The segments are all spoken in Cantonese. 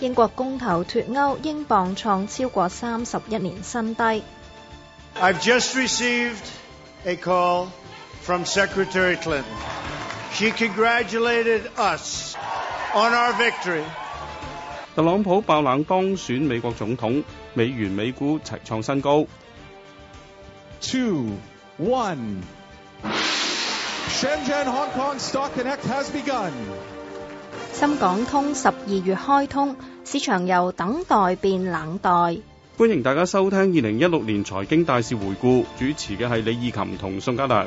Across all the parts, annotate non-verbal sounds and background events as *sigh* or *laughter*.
英國公投脫歐，英鎊創超過三十一年新低。I've just received a call from Secretary Clinton. She congratulated us on our victory. 特朗普爆冷當選美國總統，美元、美股齊創新高。Two, one. 深港通十二月開通。市場由等待變冷待，歡迎大家收聽二零一六年財經大事回顧，主持嘅係李意琴同宋家樑。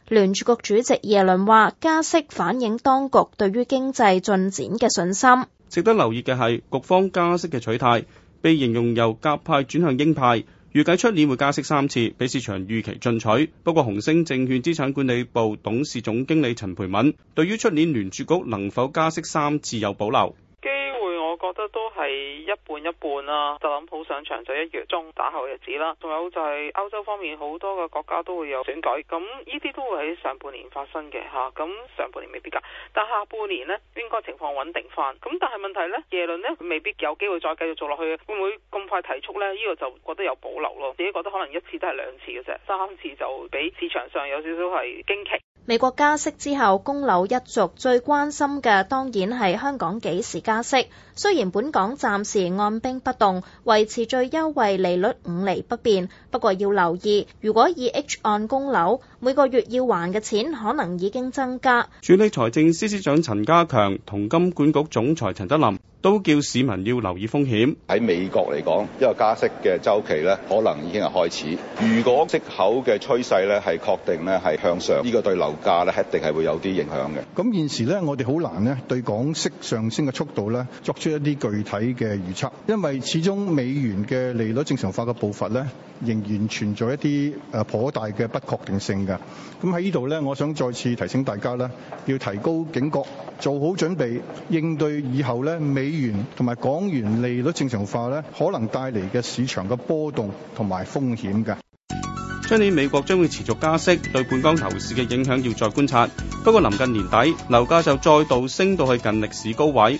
聯儲局主席耶倫話：加息反映當局對於經濟進展嘅信心。值得留意嘅係，局方加息嘅取態被形容由鴿派轉向鷹派，預計出年會加息三次，比市場預期進取。不過，紅星證券資產管理部董事總經理陳培敏對於出年聯儲局能否加息三次有保留。我覺得都係一半一半啦、啊，特朗普上場就一月中打後日子啦，仲有就係歐洲方面好多嘅國家都會有選舉，咁呢啲都會喺上半年發生嘅吓，咁、啊、上半年未必噶，但下半年呢應該情況穩定翻，咁但係問題呢，耶倫呢未必有機會再繼續做落去，會唔會咁快提速呢？呢、呢個就覺得有保留咯，自己覺得可能一次都係兩次嘅啫，三次就比市場上有少少係驚奇。美國加息之後，供樓一族最關心嘅當然係香港幾時加息。雖然本港暫時按兵不動，維持最優惠利率五厘不變，不過要留意，如果以 H 按供樓。每個月要還嘅錢可能已經增加。署理財政司司長陳家強同金管局總裁陳德霖都叫市民要留意風險。喺美國嚟講，一個加息嘅周期咧，可能已經係開始。如果息口嘅趨勢咧係確定咧係向上，呢個對樓價咧一定係會有啲影響嘅。咁現時咧，我哋好難咧對港息上升嘅速度咧作出一啲具體嘅預測，因為始終美元嘅利率正常化嘅步伐咧仍然存在一啲誒頗大嘅不確定性。咁喺呢度咧，我想再次提醒大家咧，要提高警覺，做好準備應對以後咧美元同埋港元利率正常化咧可能帶嚟嘅市場嘅波動同埋風險嘅。今年美國將會持續加息，對本港樓市嘅影響要再觀察。不過臨近年底，樓價就再度升到去近歷史高位。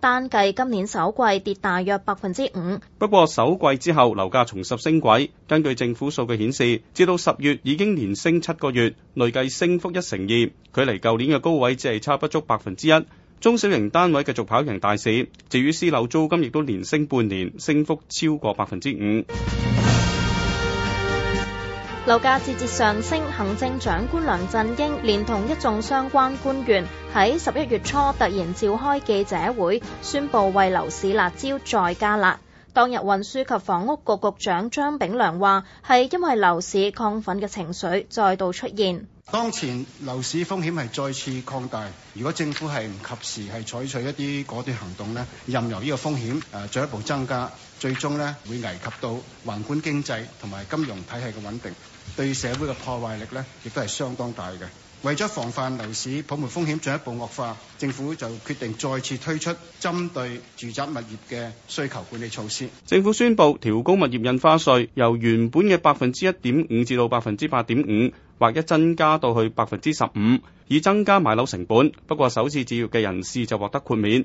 單計今年首季跌大約百分之五，不過首季之後樓價重拾升軌。根據政府數據顯示，至到十月已經連升七個月，累計升幅一成二，距離舊年嘅高位只係差不足百分之一。中小型單位繼續跑贏大市，至於私樓租金亦都連升半年，升幅超過百分之五。樓價節節上升，行政長官梁振英連同一眾相關官員喺十一月初突然召開記者會，宣布為樓市辣招再加辣。當日運輸及房屋局局長張炳良話，係因為樓市亢奮嘅情緒再度出現。當前樓市風險係再次擴大，如果政府係唔及時係採取一啲果斷行動呢，任由呢個風險誒進一步增加，最終呢會危及到宏觀經濟同埋金融體系嘅穩定。對社會嘅破壞力呢，亦都係相當大嘅。為咗防範樓市泡沫風險進一步惡化，政府就決定再次推出針對住宅物業嘅需求管理措施。政府宣布調高物業印花稅，由原本嘅百分之一點五至到百分之八點五，劃一增加到去百分之十五，以增加買樓成本。不過，首次置業嘅人士就獲得豁免。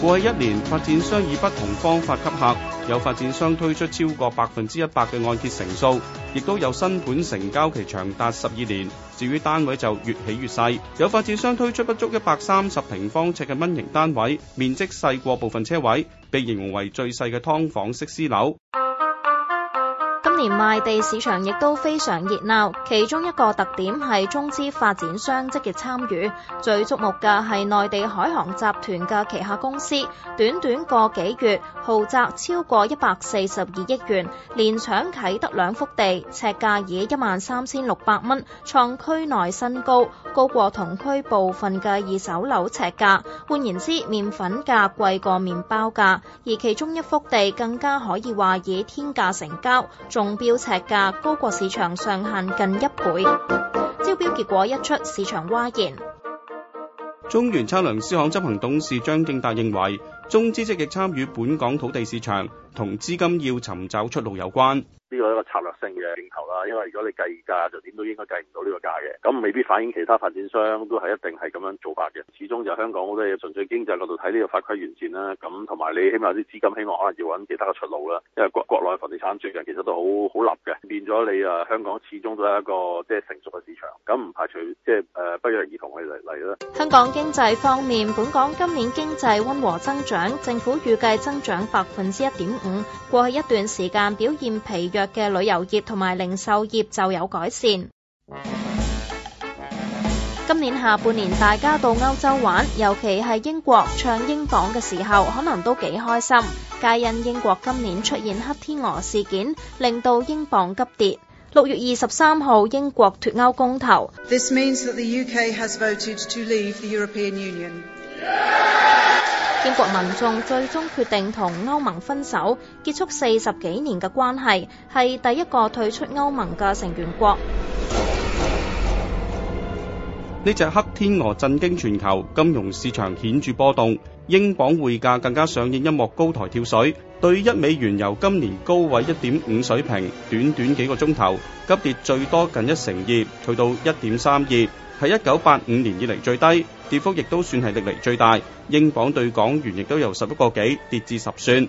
過去一年，發展商以不同方法吸客，有發展商推出超過百分之一百嘅按揭成數，亦都有新盤成交期長達十二年。至於單位就越起越細，有發展商推出不足一百三十平方尺嘅蚊型單位，面積細過部分車位，被形容為最細嘅劏房式私樓。連賣地市場亦都非常熱鬧，其中一個特點係中資發展商積極參與。最矚目嘅係內地海航集團嘅旗下公司，短短個幾月豪擲超過一百四十二億元，連搶啟德兩幅地，尺價以一萬三千六百蚊，創區內新高，高過同區部分嘅二手樓尺價。換言之，麵粉價貴過麵包價。而其中一幅地更加可以話以天價成交，仲標尺價高過市場上限近一倍，招標結果一出，市場嘩然。中原測量師行執行董事張敬達認為，中資積極參與本港土地市場，同資金要尋找出路有關。呢個一個策略性嘅競投啦，因為如果你計價，就點都應該計唔到呢個價嘅，咁未必反映其他發展商都係一定係咁樣做法嘅。始終就香港好多嘢，純粹經濟角度睇呢個法規完善啦，咁同埋你起碼啲資金希望可能要揾其他嘅出路啦。因為國國內房地產最近其實都好好立嘅，變咗你誒香港始終都係一個即係成熟嘅市場，咁唔排除即係誒不約而同去嚟嚟啦。香港經濟方面，本港今年經濟溫和增長，政府預計增長百分之一點五。過去一段時間表現疲弱。嘅旅遊業同埋零售業就有改善。今年下半年大家到歐洲玩，尤其係英國唱英鎊嘅時候，可能都幾開心。皆因英國今年出現黑天鵝事件，令到英鎊急跌。六月二十三號，英國脫歐公投。This means that the UK has voted to leave the European Union. 英國民眾最終決定同歐盟分手，結束四十幾年嘅關係，係第一個退出歐盟嘅成員國。呢隻黑天鵝震驚全球，金融市場顯著波動，英鎊匯價更加上演一幕高台跳水，對一美元由今年高位一點五水平，短短幾個鐘頭急跌最多近一成二，去到一點三二。係一九八五年以嚟最低，跌幅亦都算係歷嚟最大，英鎊兌港元亦都由十一個幾跌至十算。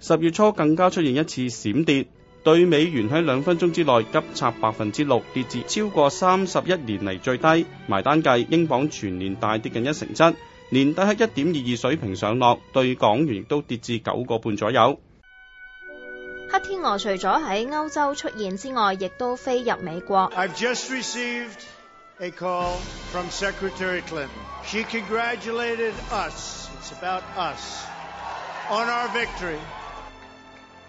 十月初更加出現一次閃跌，對美元喺兩分鐘之內急插百分之六，跌至超過三十一年嚟最低。埋單計，英鎊全年大跌近一成七，年底喺一點二二水平上落，對港元亦都跌至九個半左右。黑天鵝除咗喺歐洲出現之外，亦都飛入美國。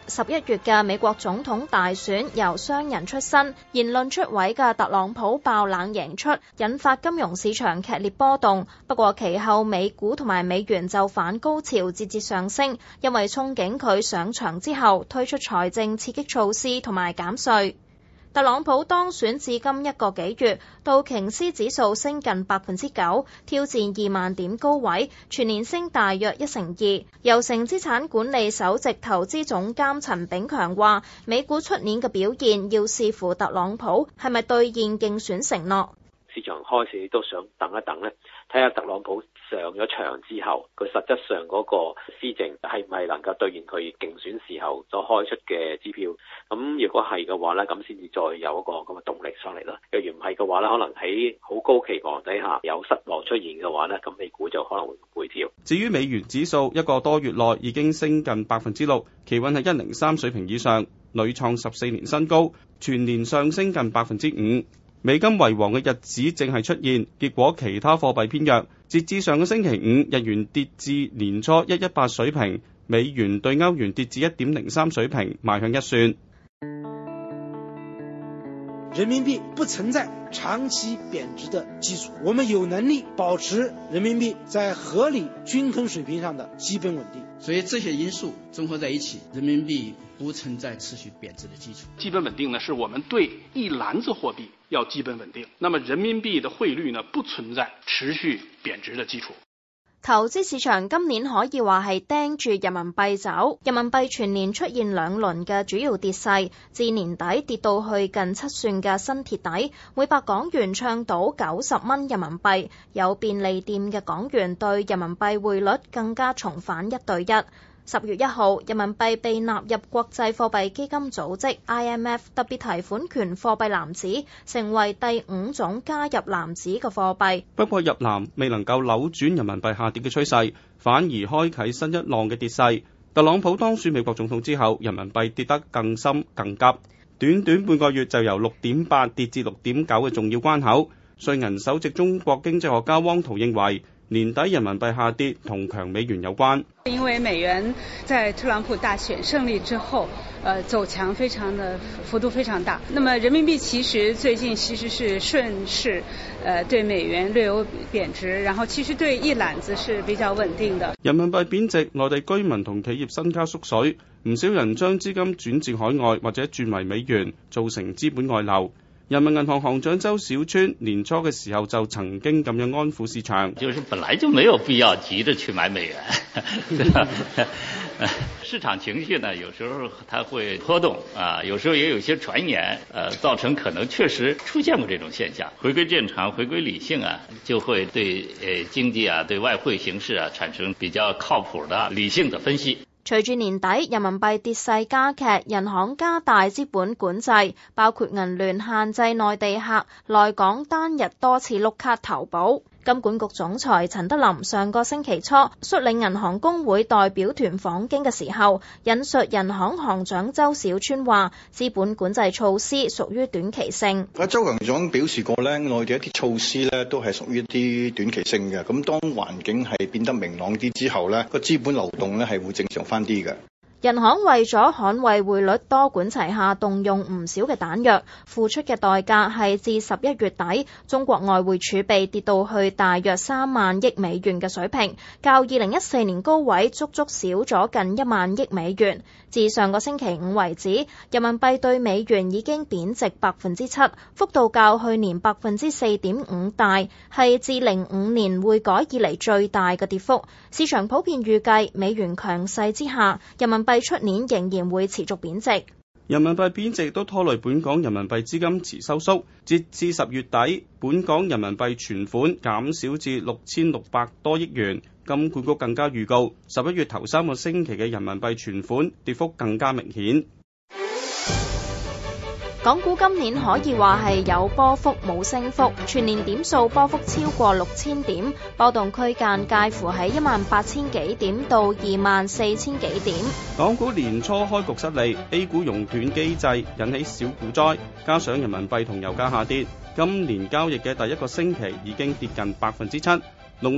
十一月嘅美國總統大選，由商人出身、言論出位嘅特朗普爆冷贏出，引發金融市場劇烈波動。不過其後美股同埋美元就反高潮，節節上升，因為憧憬佢上場之後推出財政刺激措施同埋減稅。特朗普當選至今一個幾月，道瓊斯指數升近百分之九，挑戰二萬點高位，全年升大約一成二。郵城資產管理首席投資總監陳炳強話，美股出年嘅表現要視乎特朗普係咪兌現競選承諾。市場開始都想等一等咧，睇下特朗普上咗場之後，佢實質上嗰個施政係唔係能夠兌現佢競選時候所開出嘅支票？咁如果係嘅話咧，咁先至再有一個咁嘅動力上嚟咯。若然唔係嘅話咧，可能喺好高期望底下有失望出現嘅話咧，咁美股就可能會回調。至於美元指數一個多月內已經升近百分之六，企穩喺一零三水平以上，累創十四年新高，全年上升近百分之五。美金為王嘅日子淨係出現，結果其他貨幣偏弱。截至上個星期五，日元跌至年初一一八水平，美元對歐元跌至一點零三水平，邁向一算。人民幣不存在長期貶值的基礎，我們有能力保持人民幣在合理均衡水平上的基本穩定。所以這些因素綜合在一起，人民幣不存在持續貶值的基礎。基本穩定呢，是我們對一籃子貨幣。要基本穩定，那麼人民幣的匯率呢，不存在持續貶值的基礎。投資市場今年可以話係盯住人民幣走，人民幣全年出現兩輪嘅主要跌勢，至年底跌到去近七算嘅新鐵底，每百港元唱到九十蚊人民幣，有便利店嘅港元對人民幣匯率更加重返一對一。十月一號，人民幣被納入國際貨幣基金組織 IMF 特別提款權貨幣籃子，成為第五種加入籃子嘅貨幣。不過入籃未能夠扭轉人民幣下跌嘅趨勢，反而開啟新一浪嘅跌勢。特朗普當選美國總統之後，人民幣跌得更深更急，短短半個月就由六點八跌至六點九嘅重要關口。瑞銀首席中國經濟學家汪濤認為。年底人民幣下跌同強美元有關，因為美元在特朗普大選勝利之後，呃，走強非常的幅度非常大。那麼人民幣其實最近其實是順勢，呃，對美元略有貶值，然後其實對一籃子是比較穩定的。人民幣貶值，內地居民同企業身家縮水，唔少人將資金轉至海外或者轉為美元，造成資本外流。人民銀行行長周小川年初嘅時候就曾經咁樣安撫市場。就是本來就沒有必要急着去買美元。市場情緒呢，有時候它會波動，啊，有時候也有些傳言，呃、啊，造成可能確實出現過這種現象。回歸正常，回歸理性啊，就會對誒經濟啊，對外匯形勢啊，產生比較靠譜的理性的分析。隨住年底人民幣跌勢加劇，人行加大資本管制，包括銀聯限制內地客，來港單日多次碌卡投保。金管局總裁陳德霖上個星期初率領銀行工會代表團訪京嘅時候，引述人行行長周小川話：資本管制措施屬於短期性。啊，周行長表示過咧，內地一啲措施咧都係屬於一啲短期性嘅。咁當環境係變得明朗啲之後咧，個資本流動咧係會正常翻啲嘅。人行為咗捍衛匯率，多管齊下，動用唔少嘅彈藥，付出嘅代價係至十一月底，中國外匯儲備跌到去大約三萬億美元嘅水平，較二零一四年高位足足少咗近一萬億美元。至上個星期五為止，人民幣對美元已經貶值百分之七，幅度較去年百分之四點五大，係自零五年匯改以嚟最大嘅跌幅。市場普遍預計美元強勢之下，人民幣喺出年仍然會持續貶值，人民幣貶值都拖累本港人民幣資金池收縮。截至十月底，本港人民幣存款減少至六千六百多億元。金管局更加預告，十一月頭三個星期嘅人民幣存款跌幅更加明顯。港股今年可以話係有波幅冇升幅，全年點數波幅超過六千點，波動區間介乎喺一萬八千幾點到二萬四千幾點。港股年初開局失利，A 股熔斷機制引起小股災，加上人民幣同油價下跌，今年交易嘅第一個星期已經跌近百分之七，農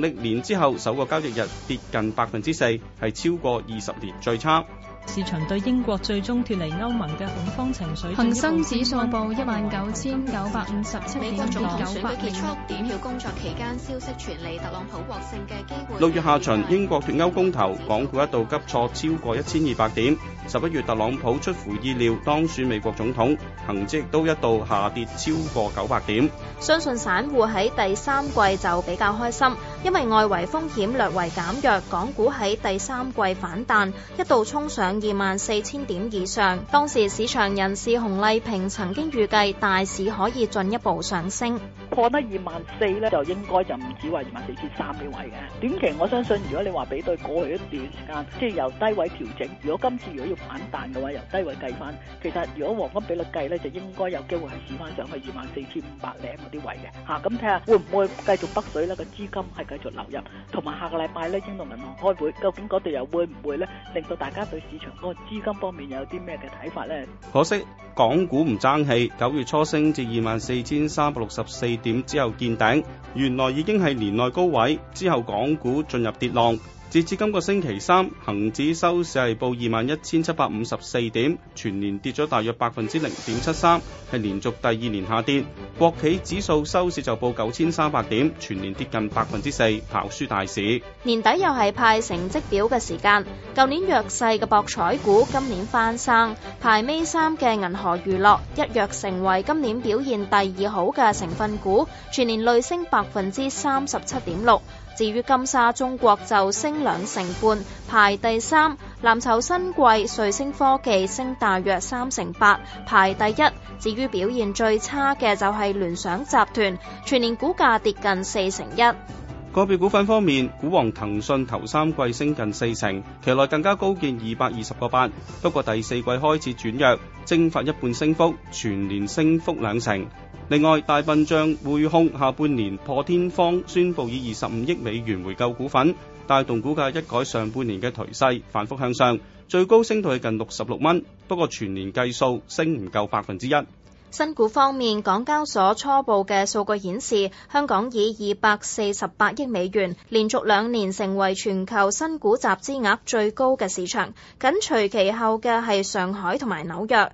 曆年之後首個交易日跌近百分之四，係超過二十年最差。市場對英國最終脱離歐盟嘅恐慌情緒。恒生指數報一萬九千九百五十七點九八點。點票工作期間消息傳嚟，特朗普獲勝嘅機會。六月下旬，英國脱歐公投，港股一度急挫超過一千二百點。十一月，特朗普出乎意料當選美國總統，恒指都一度下跌超過九百點。相信散戶喺第三季就比較開心。因為外圍風險略為減弱，港股喺第三季反彈，一度衝上二萬四千點以上。當時市場人士洪麗萍曾經預計大市可以進一步上升，破得二萬四咧就應該就唔止話二萬四千三呢位嘅。短期我相信，如果你話比對過去一段時間，即係由低位調整，如果今次如果要反彈嘅話，由低位計翻，其實如果黃金比率計咧，就應該有機會係試翻上去二萬四千五百零嗰啲位嘅。吓、啊，咁睇下會唔會繼續北水呢個資金係。繼續流入，同埋下個禮拜咧，英倫銀行開會，究竟嗰度又會唔會咧，令到大家對市場個資金方面有啲咩嘅睇法咧？可惜港股唔爭氣，九月初升至二萬四千三百六十四點之後見頂，原來已經係年內高位，之後港股進入跌浪。截至今個星期三，恒指收市係報二萬一千七百五十四點，全年跌咗大約百分之零點七三，係連續第二年下跌。國企指數收市就報九千三百點，全年跌近百分之四，跑輸大市。年底又係派成績表嘅時間，舊年弱勢嘅博彩股今年翻生，排尾三嘅銀河娛樂一躍成為今年表現第二好嘅成分股，全年累升百分之三十七點六。至於金沙中國就升兩成半，排第三；藍籌新貴瑞聲科技升大約三成八，排第一。至於表現最差嘅就係聯想集團，全年股價跌近四成一。個別股份方面，股王騰訊頭三季升近四成，期內更加高見二百二十個八。不過第四季開始轉弱，蒸發一半升幅，全年升幅兩成。另外，大笨象匯控下半年破天荒宣布以二十五億美元回購股份，帶動股價一改上半年嘅頹勢，反覆向上，最高升到近六十六蚊。不過全年計數升唔夠百分之一。新股方面，港交所初步嘅數據顯示，香港以二百四十八億美元，連續兩年成為全球新股集資額最高嘅市場，緊隨其後嘅係上海同埋紐約。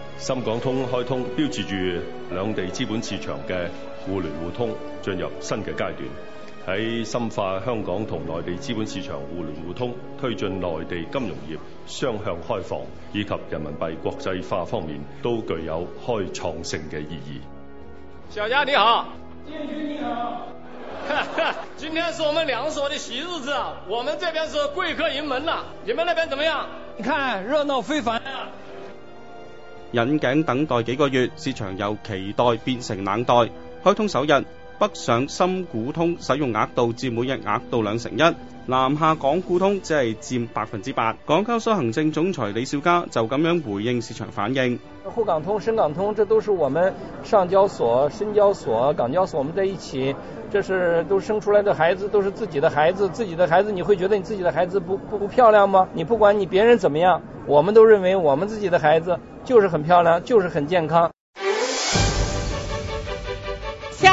深港通開通標誌住兩地資本市場嘅互聯互通進入新嘅階段，喺深化香港同內地資本市場互聯互通、推進內地金融業雙向開放以及人民幣國際化方面，都具有開創性嘅意義。小佳你好，建軍你好， *laughs* 今天是我們兩所的喜日子，我們這邊是貴客盈門啦，你們那邊怎麼樣？你看熱鬧非凡。引頸等待幾個月，市場由期待變成冷待，開通首日。北上深股通使用額度佔每日額度兩成一，南下港股通只係佔百分之八。港交所行政總裁李小加就咁樣回應市場反應。滬港通、深港通，這都是我們上交所、深交所、港交所，我們在一起，這是都生出來的孩子，都是自己的孩子，自己的孩子你會覺得你自己的孩子不不，不漂亮嗎？你不管你別人怎麼樣，我們都認為我們自己的孩子就是很漂亮，就是很健康。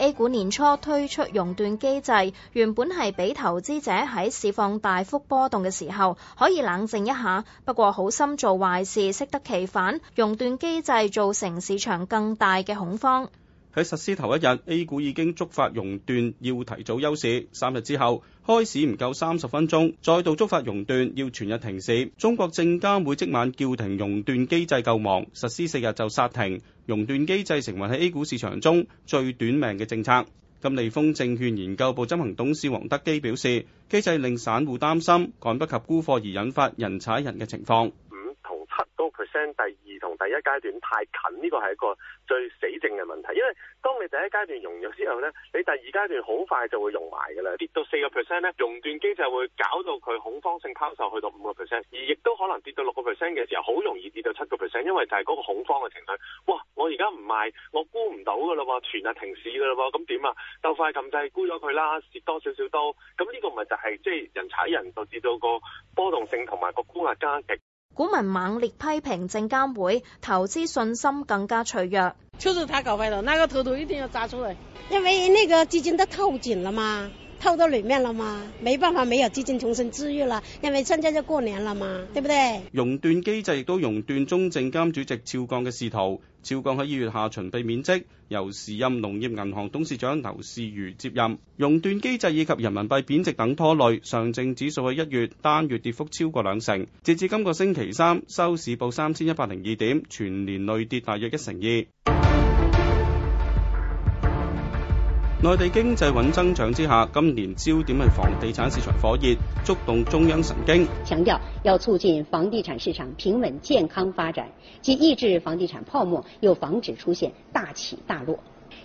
A 股年初推出熔斷機制，原本係俾投資者喺市況大幅波動嘅時候可以冷靜一下。不過，好心做壞事適得其反，熔斷機制造成市場更大嘅恐慌。喺實施頭一日，A 股已經觸發熔斷，要提早休市。三日之後，開市唔夠三十分鐘，再度觸發熔斷，要全日停市。中國證監會即晚叫停熔斷機制救亡，實施四日就殺停熔斷機制，成為喺 A 股市場中最短命嘅政策。金利豐證券研究部執行董事黃德基表示，機制令散戶擔心趕不及沽貨而引發人踩人嘅情況。p 第二同第一階段太近，呢、這個係一個最死症嘅問題。因為當你第一階段融咗之後呢，你第二階段好快就會融埋噶啦，跌到四個 percent 咧，熔斷機制會搞到佢恐慌性拋售，去到五個 percent，而亦都可能跌到六個 percent 嘅時候，好容易跌到七個 percent，因為就係嗰個恐慌嘅情緒。哇！我而家唔賣，我沽唔到噶啦，全日停市噶啦，噉點啊、就是？鬥快擒掣沽咗佢啦，蝕多少少都。咁呢個咪就係即係人踩人，就跌到個波動性同埋個沽壓加極。股民猛烈批評證監會，投資信心更加脆弱。就是他搞壞了，那個頭頭一定要抓出來，因為那個資金都套緊了嘛。套到裏面啦嘛，冇辦法，沒有資金重新治愈啦，因為現在就過年啦嘛，對不對？熔斷機制亦都熔斷中證監主席肖鋼嘅仕途。肖鋼喺二月下旬被免職，由時任農業銀行董事長劉士餘接任。熔斷機制以及人民幣貶值等拖累，上證指數喺一月單月跌幅超過兩成，截至今個星期三收市報三千一百零二點，全年累跌大約一成二。內地經濟穩增長之下，今年焦點係房地產市場火熱，觸動中央神經。強調要促進房地產市場平穩健康發展，既抑制房地產泡沫，又防止出現大起大落。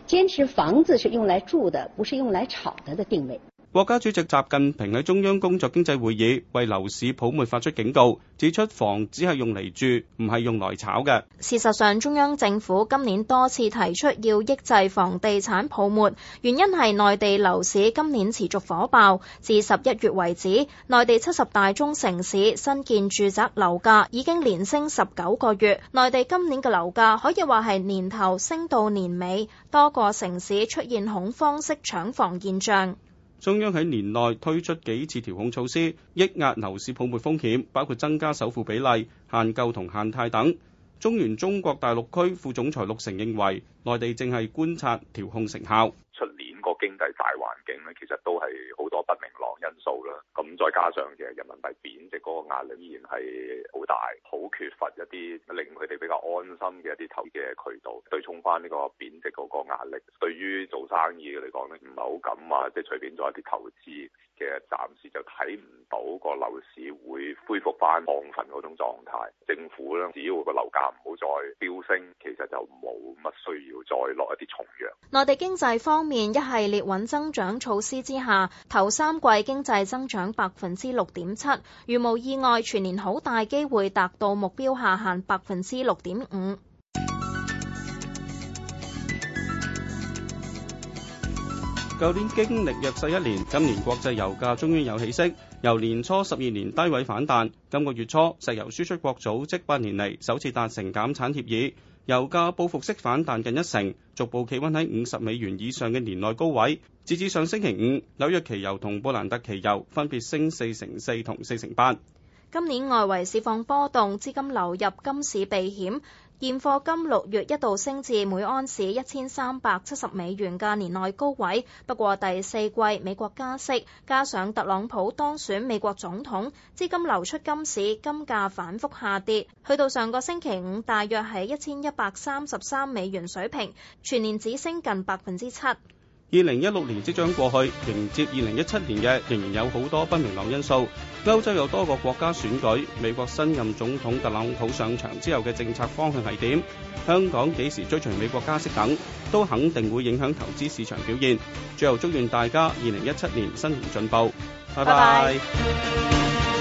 堅持房子是用來住的，不是用來炒的的定位。國家主席習近平喺中央工作經濟會議為樓市泡沫發出警告，指出房只係用嚟住，唔係用來炒嘅。事實上，中央政府今年多次提出要抑制房地產泡沫，原因係內地樓市今年持續火爆。至十一月為止，內地七十大中城市新建住宅樓價已經連升十九個月。內地今年嘅樓價可以話係年頭升到年尾，多個城市出現恐慌式搶房現象。中央喺年內推出幾次調控措施，抑壓樓市泡沫風險，包括增加首付比例、限購同限貸等。中原中國大陸區副總裁陸成認為，內地正係觀察調控成效。出年個經濟大環境咧，其實都係好多不明朗因素啦。咁再加上嘅人民幣貶值嗰個壓力依然係好大，好缺乏一啲令佢哋比較安心嘅一啲投資嘅渠道，對沖翻呢個貶值嗰個壓力。對於做生意嘅嚟講咧，唔係好敢啊，即係隨便做一啲投資。嘅暫時就睇唔到個樓市會恢復翻亢奮嗰種狀態，政府呢，只要個樓價唔好再飆升，其實就冇乜需要再落一啲重藥。內地經濟方面，一系列穩增長措施之下，頭三季經濟增長百分之六點七，如無意外，全年好大機會達到目標下限百分之六點五。舊年經歷弱勢一年，今年國際油價終於有起色，由年初十二年低位反彈。今個月初，石油輸出國組織八年嚟首次達成減產協議，油價報復式反彈近一成，逐步企穩喺五十美元以上嘅年內高位。截至上星期五，紐約期油同布蘭特期油分別升四成四同四成八。今年外圍市況波動，資金流入金市避險。現貨金六月一度升至每安士一千三百七十美元嘅年內高位，不過第四季美國加息，加上特朗普當選美國總統，資金流出金市，金價反覆下跌，去到上個星期五大約係一千一百三十三美元水平，全年只升近百分之七。二零一六年即將過去，迎接二零一七年嘅仍然有好多不明朗因素。歐洲有多個國家選舉，美國新任總統特朗普上場之後嘅政策方向係點？香港幾時追隨美國加息等，都肯定會影響投資市場表現。最後祝願大家二零一七年新年進步，拜拜。